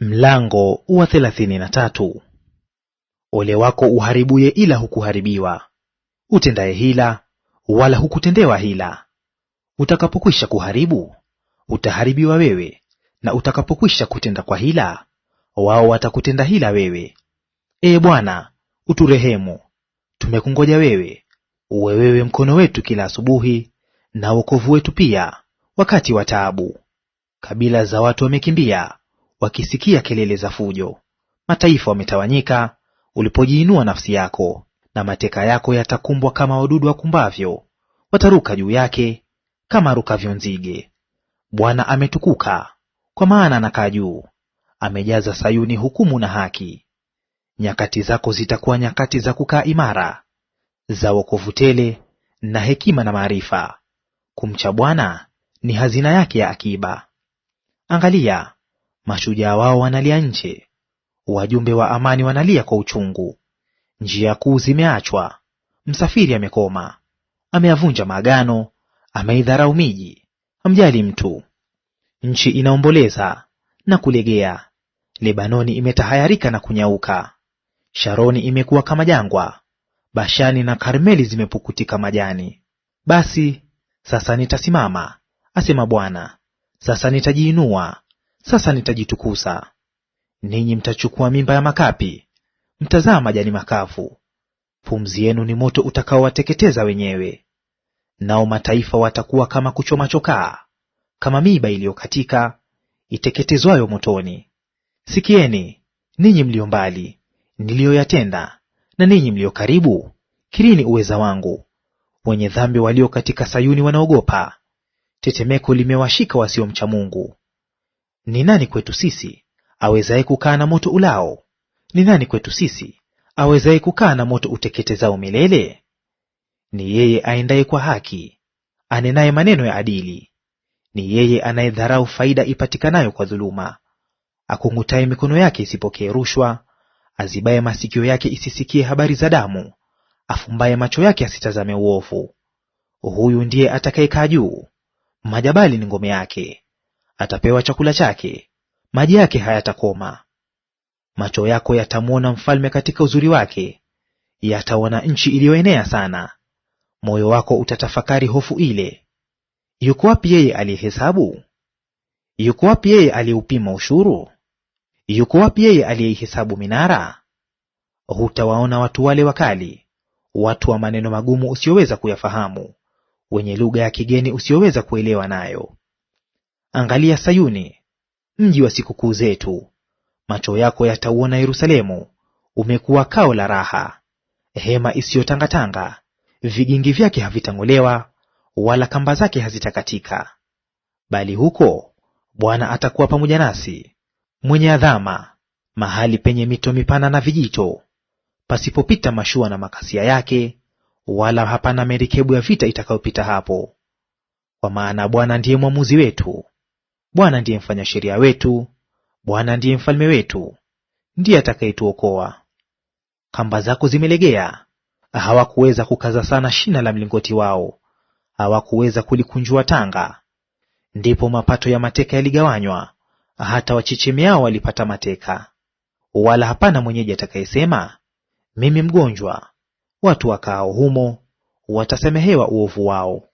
Mlango wa thelathini na tatu. Ole wako uharibuye ila hukuharibiwa, utendaye hila wala hukutendewa hila. Utakapokwisha kuharibu utaharibiwa wewe, na utakapokwisha kutenda kwa hila, wao watakutenda hila wewe. Ee Bwana, uturehemu; tumekungoja wewe, uwe wewe mkono wetu kila asubuhi, na wokovu wetu pia wakati wa taabu. Kabila za watu wamekimbia wakisikia kelele za fujo. Mataifa wametawanyika ulipojiinua nafsi yako, na mateka yako yatakumbwa kama wadudu wakumbavyo, wataruka juu yake kama rukavyo nzige. Bwana ametukuka, kwa maana anakaa juu, amejaza Sayuni hukumu na haki. Nyakati zako zitakuwa nyakati za kukaa imara, za wokovu tele na hekima na maarifa. Kumcha Bwana ni hazina yake ya akiba. Angalia, mashujaa wao wanalia nje, wajumbe wa amani wanalia kwa uchungu. Njia kuu zimeachwa, msafiri amekoma, ameyavunja maagano, ameidharau miji, hamjali mtu. Nchi inaomboleza na kulegea, Lebanoni imetahayarika na kunyauka, Sharoni imekuwa kama jangwa, Bashani na Karmeli zimepukutika majani. Basi sasa nitasimama, asema Bwana, sasa nitajiinua sasa nitajitukuza. Ninyi mtachukua mimba ya makapi, mtazaa majani makavu. Pumzi yenu ni moto utakaowateketeza wenyewe. Nao mataifa watakuwa kama kuchoma chokaa, kama miiba iliyokatika iteketezwayo motoni. Sikieni ninyi mlio mbali niliyoyatenda, na ninyi mlio karibu, kirini uweza wangu. Wenye dhambi walio katika Sayuni wanaogopa; tetemeko limewashika wasiomcha Mungu. Ni nani kwetu sisi awezaye kukaa na moto ulao? Ni nani kwetu sisi awezaye kukaa na moto uteketezao milele? Ni yeye aendaye kwa haki, anenaye maneno ya adili. Ni yeye anayedharau faida ipatikanayo kwa dhuluma, akung'utaye mikono yake isipokee rushwa, azibaye masikio yake isisikie habari za damu, afumbaye macho yake asitazame uovu. Huyu ndiye atakayekaa juu, majabali ni ngome yake, atapewa chakula chake, maji yake hayatakoma. Macho yako yatamwona mfalme katika uzuri wake, yataona nchi iliyoenea sana. Moyo wako utatafakari hofu ile. Yuko wapi yeye aliyehesabu? Yuko wapi yeye aliyeupima ushuru? Yuko wapi yeye aliyeihesabu minara? Hutawaona watu wale wakali, watu wa maneno magumu usiyoweza kuyafahamu, wenye lugha ya kigeni usiyoweza kuelewa nayo. Angalia Sayuni, mji wa sikukuu zetu. Macho yako yatauona Yerusalemu, umekuwa kao la raha, hema isiyotangatanga; vigingi vyake havitang'olewa, wala kamba zake hazitakatika. Bali huko Bwana atakuwa pamoja nasi, mwenye adhama, mahali penye mito mipana na vijito, pasipopita mashua na makasia yake, wala hapana merikebu ya vita itakayopita hapo. Kwa maana Bwana ndiye mwamuzi wetu, Bwana ndiye mfanya sheria wetu, Bwana ndiye mfalme wetu, ndiye atakayetuokoa. Kamba zako zimelegea, hawakuweza kukaza sana shina la mlingoti wao, hawakuweza kulikunjua tanga. Ndipo mapato ya mateka yaligawanywa, hata wachechemeao walipata mateka. Wala hapana mwenyeji atakayesema mimi mgonjwa; watu wakaao humo watasamehewa uovu wao.